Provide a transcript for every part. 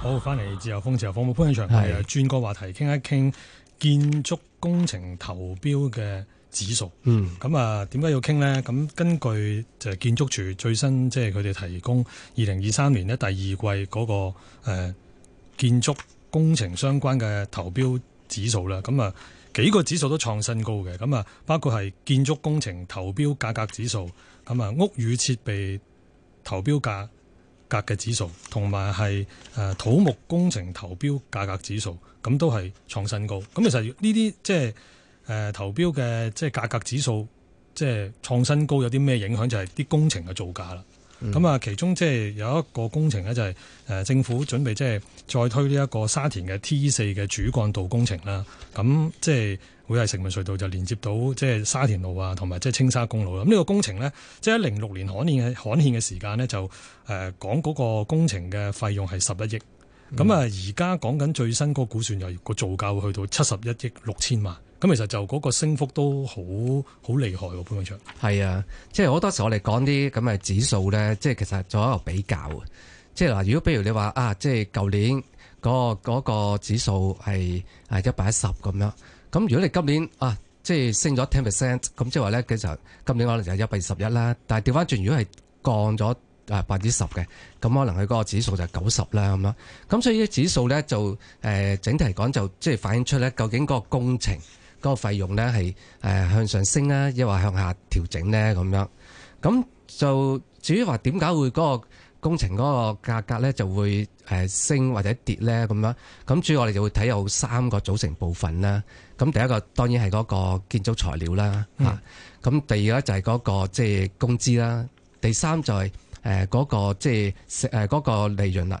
好，翻嚟自由風，自由風，場的我潘永祥係啊，轉個話題，傾一傾建築工程投標嘅指數。嗯，咁啊，點解要傾呢？咁根據就係建築署最新，即係佢哋提供二零二三年呢第二季嗰、那個誒、呃、建築工程相關嘅投標指數啦。咁啊，幾個指數都創新高嘅。咁啊，包括係建築工程投標價格指數，咁啊，屋宇設備投標價。格嘅指數同埋係土木工程投標價格指數，咁都係創新高。咁其實呢啲即係誒投標嘅即係價格指數即係創新高有，有啲咩影響就係、是、啲工程嘅造價啦。咁啊，嗯、其中即係有一個工程咧，就係誒政府準備即係再推呢一個沙田嘅 T 四嘅主幹道工程啦。咁即係會係城門隧道就連接到即係沙田路啊，同埋即係青沙公路啦。咁呢個工程咧，即係喺零六年刊憲嘅刊憲嘅時間咧，就誒講嗰個工程嘅費用係十一億。咁啊、嗯，而家講緊最新嗰個估算就個造價會去到七十一億六千萬。咁其實就嗰個升幅都好好厲害喎，潘永卓。係啊，即係好多時我哋講啲咁嘅指數咧，即係其實做一個比較嘅。即係嗱，如果譬如你話啊，即係舊年嗰嗰個指數係係一百一十咁樣，咁如果你今年啊，即係升咗 ten percent，咁即係話咧其實今年可能就係一百二十一啦。但係調翻轉，如果係降咗啊百分之十嘅，咁可能佢嗰個指數就係九十啦咁樣。咁所以啲指數咧就誒、呃、整體嚟講就即係反映出咧，究竟嗰個工程，嗰個費用咧係向上升啊，抑或向下調整咧咁樣。咁就至於話點解會嗰個工程嗰個價格咧就會升或者跌咧咁樣。咁主要我哋就會睇有三個組成部分啦。咁第一個當然係嗰個建築材料啦吓咁、嗯啊、第二咧就係嗰個即係工資啦。第三就係嗰、嗰個即係嗰個利潤啦。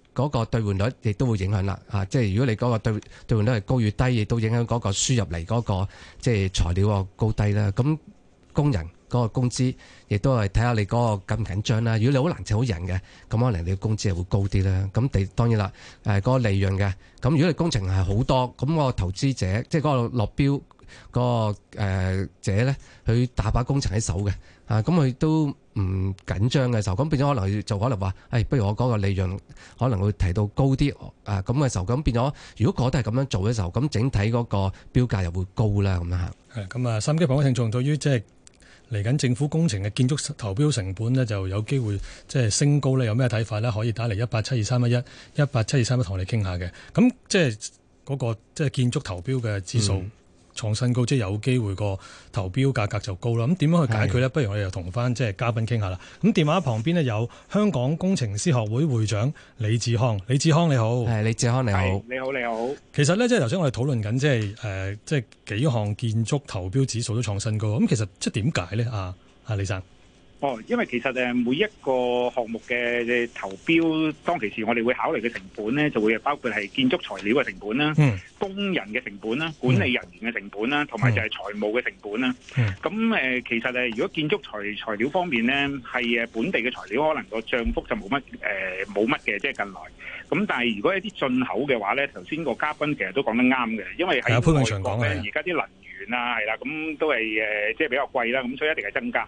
嗰個兌換率亦都會影響啦、啊，即係如果你嗰個兌兌換率高與低，亦都影響嗰個輸入嚟嗰、那個即係、就是、材料個高低啦。咁工人嗰、那個工資亦都係睇下你嗰個緊唔緊張啦。如果你好難請好人嘅，咁可能你嘅工資係會高啲啦。咁第當然啦，誒嗰、那個利潤嘅。咁如果你工程係好多，咁、那個投資者即係嗰個落標，那個誒者咧，佢、呃、大把工程喺手嘅，啊咁佢都唔緊張嘅時候，咁變咗可能就可能話，誒、哎、不如我嗰個利潤可能會提到高啲，啊咁嘅、啊、時候，咁變咗如果嗰都係咁樣做嘅時候，咁整體嗰個標價又會高啦，咁樣吓。係，咁啊，心機廣播聽眾對於即係嚟緊政府工程嘅建築投標成本呢，就有機會即係升高咧，有咩睇法呢？可以打嚟一八七二三一一，一八七二三一同我哋傾下嘅。咁即係嗰個即係、就是、建築投標嘅指數。嗯創新高，即係有機會個投標價格就高啦。咁點樣去解決呢？是的 不如我哋又同翻即係嘉賓傾下啦。咁電話旁邊呢，有香港工程師學會會長李志康，李志康你好。係，李志康你好。你好，你好。其實呢，即係頭先我哋討論緊，即係誒，即係幾項建築投標指數都創新高。咁其實即係點解呢？啊，啊李生。哦，因為其實誒每一個項目嘅投標當其時，我哋會考慮嘅成本咧，就會包括係建築材料嘅成本啦，嗯、工人嘅成本啦，管理人員嘅成本啦，同埋、嗯、就係財務嘅成本啦。咁誒、嗯呃，其實誒，如果建築材材料方面咧，係誒本地嘅材料，可能個漲幅就冇乜誒冇乜嘅，即係近來。咁但係如果一啲進口嘅話咧，頭先個嘉賓其實都講得啱嘅，因為係外國咧，而家啲能源啊，係啦，咁、嗯、都係誒、呃、即係比較貴啦，咁、嗯、所以一定係增加。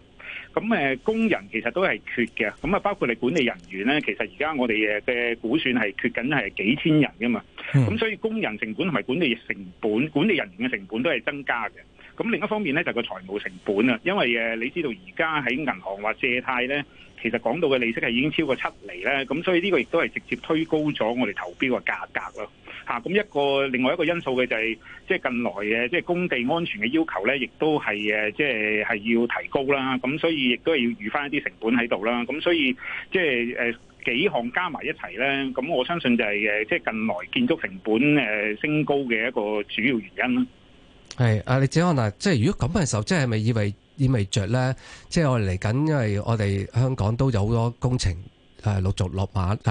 咁誒，工人其實都係缺嘅，咁啊，包括你管理人員咧，其實而家我哋嘅估算係缺緊係幾千人噶嘛，咁所以工人成本同埋管理成本、管理人員嘅成本都係增加嘅。咁另一方面咧，就係個財務成本啊，因為誒，你知道而家喺銀行或借貸咧，其實講到嘅利息係已經超過七厘咧，咁所以呢個亦都係直接推高咗我哋投標個價格咯。嚇，咁、啊、一個另外一個因素嘅就係、是，即、就、係、是、近來嘅，即、就、係、是、工地安全嘅要求咧，亦都係誒，即係係要提高啦。咁所以亦都係要預返一啲成本喺度啦。咁所以即係誒幾項加埋一齊咧，咁我相信就係、是、誒，即、就、係、是、近來建築成本誒、呃、升高嘅一個主要原因啦。係，阿李志康，嗱，即係如果咁嘅時候，即係咪意味意味著咧，即係我哋嚟緊，因為我哋香港都有好多工程。誒陸續落馬，誒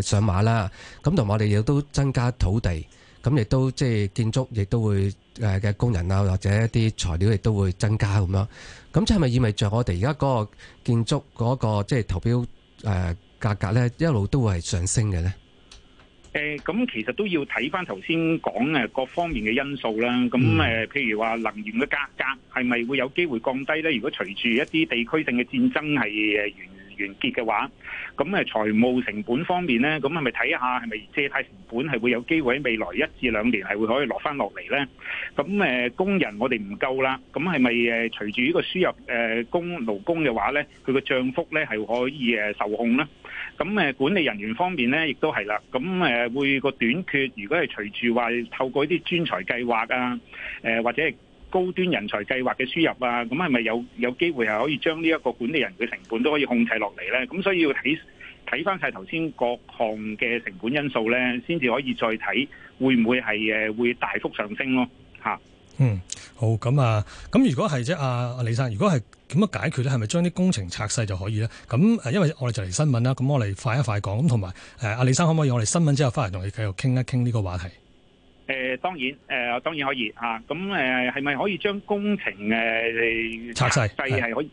誒上馬啦。咁同埋我哋亦都增加土地，咁亦都即係建築，亦都會誒嘅工人啊，或者一啲材料，亦都會增加咁樣。咁即係咪意味著我哋而家嗰個建築嗰個即係投標誒價格咧，一路都會係上升嘅咧？誒，咁其實都要睇翻頭先講誒各方面嘅因素啦。咁誒，譬如話能源嘅價格係咪會有機會降低咧？如果隨住一啲地區性嘅戰爭係誒完。完結嘅話，咁誒財務成本方面咧，咁係咪睇一下係咪借貸成本係會有機會喺未來一至兩年係會可以落翻落嚟咧？咁誒、呃、工人我哋唔夠啦，咁係咪誒隨住呢個輸入誒工勞工嘅話咧，佢個漲幅咧係可以誒受控啦。咁誒管理人員方面咧亦都係啦，咁誒、呃、會個短缺，如果係隨住話透過一啲專才計劃啊，誒、呃、或者。高端人才計劃嘅輸入啊，咁係咪有有機會係可以將呢一個管理人嘅成本都可以控制落嚟呢？咁所以要睇睇翻曬頭先各項嘅成本因素呢，先至可以再睇會唔會係誒會大幅上升咯？嚇，嗯，好，咁啊，咁如果係啫，阿阿李生，如果係點樣解決咧，係咪將啲工程拆細就可以呢？咁因為我哋就嚟新聞啦，咁我哋快一快講，咁同埋誒阿李生，可唔可以我哋新聞之後翻嚟同你繼續傾一傾呢個話題？誒、呃、當然，誒、呃、當然可以嚇。咁誒係咪可以將工程誒、啊、拆細細係可以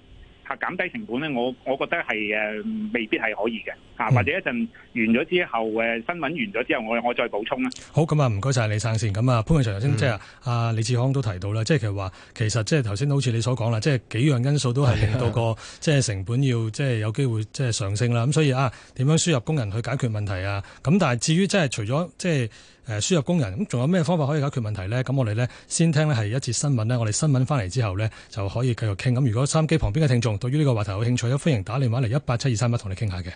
減低成本咧？我我覺得係未必係可以嘅嚇。啊嗯、或者一陣完咗之後，誒、啊、新聞完咗之後，我我再補充啦。好咁、嗯、啊，唔該晒。李生先。咁啊，潘永祥頭先即係阿李志康都提到啦，即、就、係、是、其實話其實即係頭先好似你所講啦，即、就、係、是、幾樣因素都係令到個即係成本要即係有機會即係上升啦。咁所以啊，點樣輸入工人去解決問題啊？咁但係至於即係、就是、除咗即係。就是誒輸入工人咁，仲有咩方法可以解決問題呢？咁我哋呢，先聽咧係一節新聞咧。我哋新聞翻嚟之後呢，就可以繼續傾。咁如果收音機旁邊嘅聽眾對於呢個話題有興趣咧，歡迎打電話嚟一八七二三一同你傾下嘅。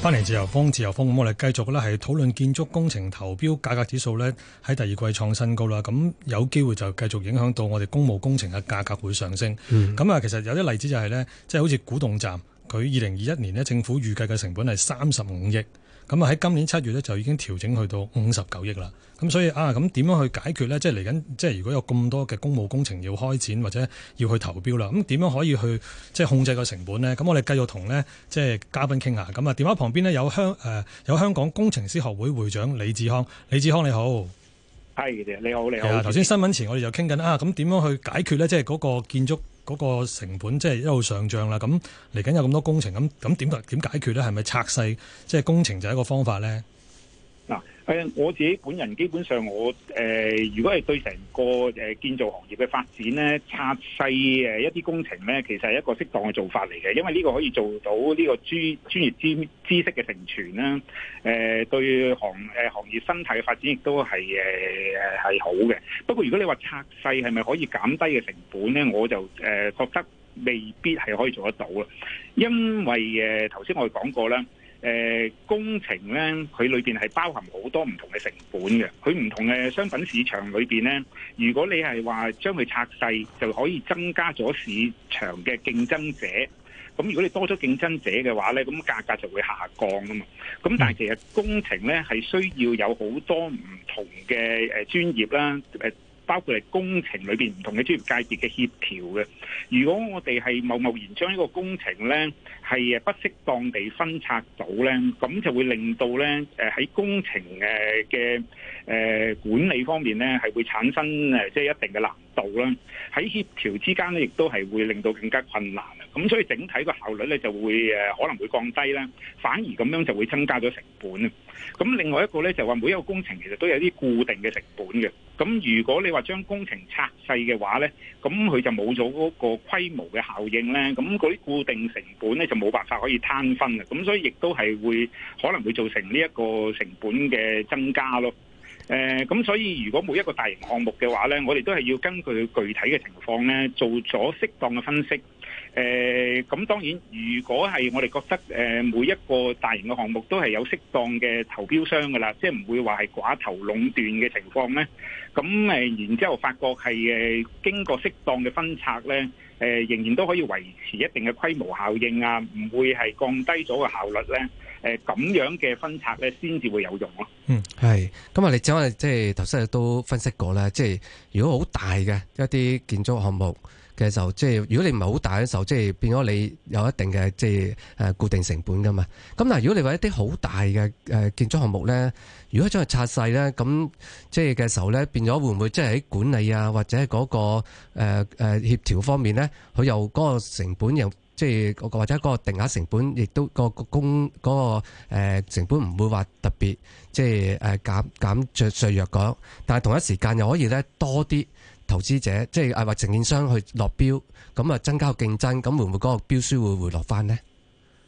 翻嚟自由風，自由風咁，我哋繼續咧係討論建築工程投標價格指數呢喺第二季創新高啦。咁有機會就繼續影響到我哋公務工程嘅價格會上升。咁啊、嗯，其實有啲例子就係、是、呢，即、就、係、是、好似古洞站，佢二零二一年呢政府預計嘅成本係三十五億。咁啊，喺今年七月咧就已經調整去到五十九億啦。咁所以啊，咁點樣去解決呢？即係嚟緊，即係如果有咁多嘅公務工程要開展或者要去投標啦。咁點樣可以去即係控制個成本呢？咁我哋繼續同呢，即係嘉賓傾下。咁啊，電話旁邊呢，有香、呃、有香港工程師學會會、會長李志康，李志康你好，係，你好你好。頭先、啊、好新聞前我哋就傾緊啊，咁點樣去解決呢？即係嗰個建築。嗰個成本即係一路上漲啦。咁嚟緊有咁多工程，咁咁點解決咧？係咪拆細即係工程就係一個方法咧？我自己本人基本上我誒、呃，如果係對成個建造行業嘅發展咧，拆細一啲工程咧，其實係一個適當嘅做法嚟嘅，因為呢個可以做到呢個專專業知知識嘅成全啦。誒、呃、對行誒、呃、行業生態嘅發展亦都係誒好嘅。不過如果你話拆細係咪可以減低嘅成本咧，我就誒覺得未必係可以做得到啦，因為誒頭先我講過啦。誒、呃、工程咧，佢裏邊係包含好多唔同嘅成本嘅。佢唔同嘅商品市場裏邊咧，如果你係話將佢拆細，就可以增加咗市場嘅競爭者。咁如果你多咗競爭者嘅話咧，咁價格就會下降㗎嘛。咁但係其實工程咧係需要有好多唔同嘅誒、呃、專業啦誒。呃包括係工程裏邊唔同嘅專業界別嘅協調嘅，如果我哋係貿貿然將呢個工程呢係誒不適當地分拆到呢，咁就會令到呢誒喺工程誒嘅誒管理方面呢係會產生誒即係一定嘅難度啦，喺協調之間呢，亦都係會令到更加困難。咁所以整體個效率咧就會誒可能會降低啦，反而咁樣就會增加咗成本。咁另外一個咧就話每一個工程其實都有啲固定嘅成本嘅。咁如果你話將工程拆細嘅話咧，咁佢就冇咗嗰個規模嘅效應咧。咁嗰啲固定成本咧就冇辦法可以攤分嘅。咁所以亦都係會可能會造成呢一個成本嘅增加咯。誒，咁所以如果每一個大型項目嘅話咧，我哋都係要根據具體嘅情況咧，做咗適當嘅分析。誒，咁、呃、當然，如果係我哋覺得誒每一個大型嘅項目都係有適當嘅投標商噶啦，即係唔會話係寡頭壟斷嘅情況咧。咁誒、呃，然之後發覺係誒經過適當嘅分拆咧，誒、呃、仍然都可以維持一定嘅規模效應啊，唔會係降低咗個效率咧。誒、呃、咁樣嘅分拆咧，先至會有用咯。嗯，係。咁啊，你即係即係頭先都分析過啦，即係如果好大嘅一啲建築項目。嘅就即係如果你唔係好大嘅時候，即係變咗你有一定嘅即係誒固定成本㗎嘛。咁嗱，如果你話一啲好大嘅誒建築項目咧，如果將佢拆細咧，咁即係嘅時候咧，變咗會唔會即係喺管理啊或者嗰個誒誒協調方面咧，佢又嗰個成本又即係或者嗰個定額成本亦都個工嗰個誒成本唔會話特別即係誒減減著削弱講，但係同一時間又可以咧多啲。投資者即係誒或承建商去落標，咁啊增加競爭，咁會唔會嗰個標書會回落翻呢？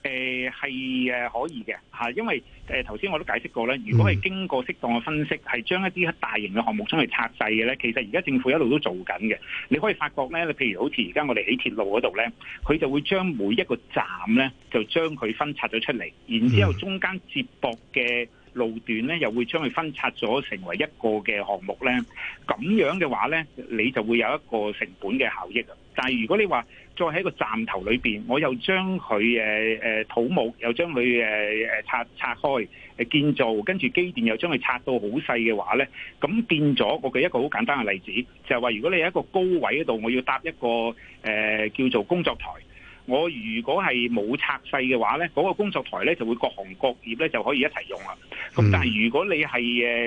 誒係誒可以嘅吓。因為誒頭先我都解釋過咧，如果係經過適當嘅分析，係將一啲大型嘅項目出嚟拆細嘅咧，其實而家政府一路都做緊嘅。你可以發覺咧，你譬如好似而家我哋喺鐵路嗰度咧，佢就會將每一個站咧就將佢分拆咗出嚟，然之後中間接駁嘅。路段咧又會將佢分拆咗成為一個嘅項目咧，咁樣嘅話咧，你就會有一個成本嘅效益。但如果你話再喺一個站頭裏面，我又將佢誒土木又將佢誒拆拆開建造，跟住機電又將佢拆到好細嘅話咧，咁變咗我舉一個好簡單嘅例子，就係話如果你喺一個高位嗰度，我要搭一個誒叫做工作台。我如果係冇拆細嘅話，呢嗰、嗰個工作台呢就會各行各業呢就可以一齊用啦。咁但係如果你係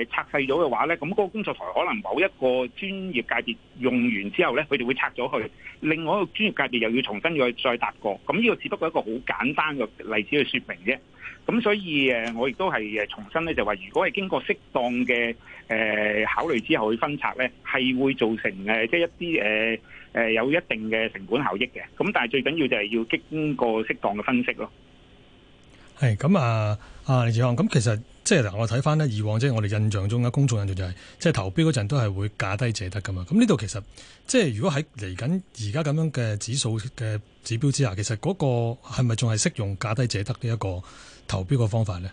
誒拆細咗嘅話呢，咁嗰個工作台可能某一個專業界別用完之後呢，佢哋會拆咗去，另外一個專業界別又要重新再再搭過。咁呢個只不過一個好簡單嘅例子去說明啫。咁所以，誒，我亦都係誒重新呢，就話如果係經過適當嘅誒考慮之後去分拆呢，係會造成誒即係一啲誒誒有一定嘅成本效益嘅。咁但係最緊要就係要經過適當嘅分析咯，係。係咁啊，啊李志康，咁其實即係嗱，我睇翻咧，以往即係我哋印象中嘅公眾印象就係即係投標嗰陣都係會價低者得噶嘛。咁呢度其實即係、就係、如果喺嚟緊而家咁樣嘅指數嘅指標之下，其實嗰個係咪仲係適用價低者得呢一個？投標嘅方法呢，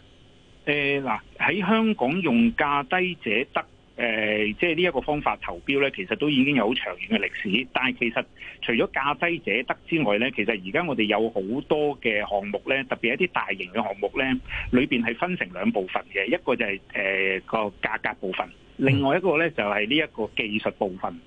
誒嗱，喺香港用價低者得，誒即係呢一個方法投標呢，其實都已經有好長遠嘅歷史。但係其實除咗價低者得之外呢，其實而家我哋有好多嘅項目呢，特別一啲大型嘅項目呢，裏邊係分成兩部分嘅，一個就係、是、誒、呃、個價格部分，另外一個呢，就係呢一個技術部分。嗯。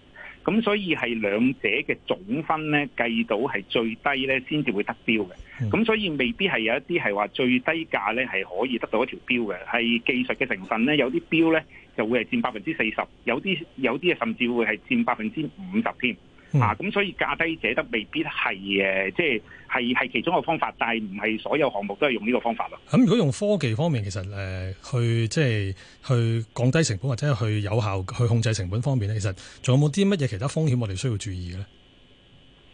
咁所以係兩者嘅總分呢計到係最低呢先至會得標嘅，咁所以未必係有一啲係話最低價呢係可以得到一條標嘅，係技術嘅成分呢有啲標呢就會係佔百分之四十，有啲有啲啊甚至會係佔百分之五十添。嗯、啊，咁所以價低者得未必係誒，即係係係其中一個方法，但係唔係所有項目都係用呢個方法咯。咁如果用科技方面，其實誒、呃、去即係去降低成本或者去有效去控制成本方面咧，其實仲有冇啲乜嘢其他風險我哋需要注意嘅咧？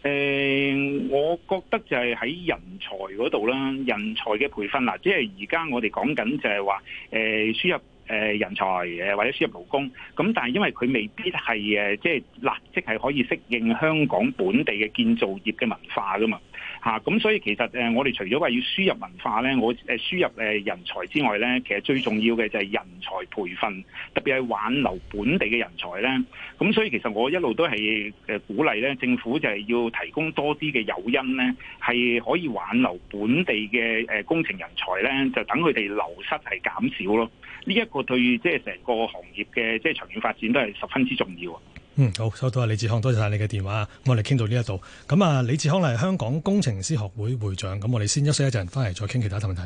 誒、呃，我覺得就係喺人才嗰度啦，人才嘅培訓啦、呃，即係而家我哋講緊就係話誒輸入。誒人才誒或者輸入勞工，咁但係因為佢未必係即係立即係可以適應香港本地嘅建造業嘅文化㗎嘛，咁、啊、所以其實誒我哋除咗話要輸入文化咧，我誒輸入人才之外咧，其實最重要嘅就係人才培訓，特別係挽留本地嘅人才咧。咁、啊、所以其實我一路都係鼓勵咧，政府就係要提供多啲嘅誘因咧，係可以挽留本地嘅工程人才咧，就等佢哋流失係減少咯。呢一個對即係成個行業嘅即係長遠發展都係十分之重要啊！嗯，好，收到啊，李志康，多謝晒你嘅電話，我哋傾到呢一度，咁啊，李志康咧係香港工程師學會會長，咁我哋先休息一陣，翻嚟再傾其他一啲問題。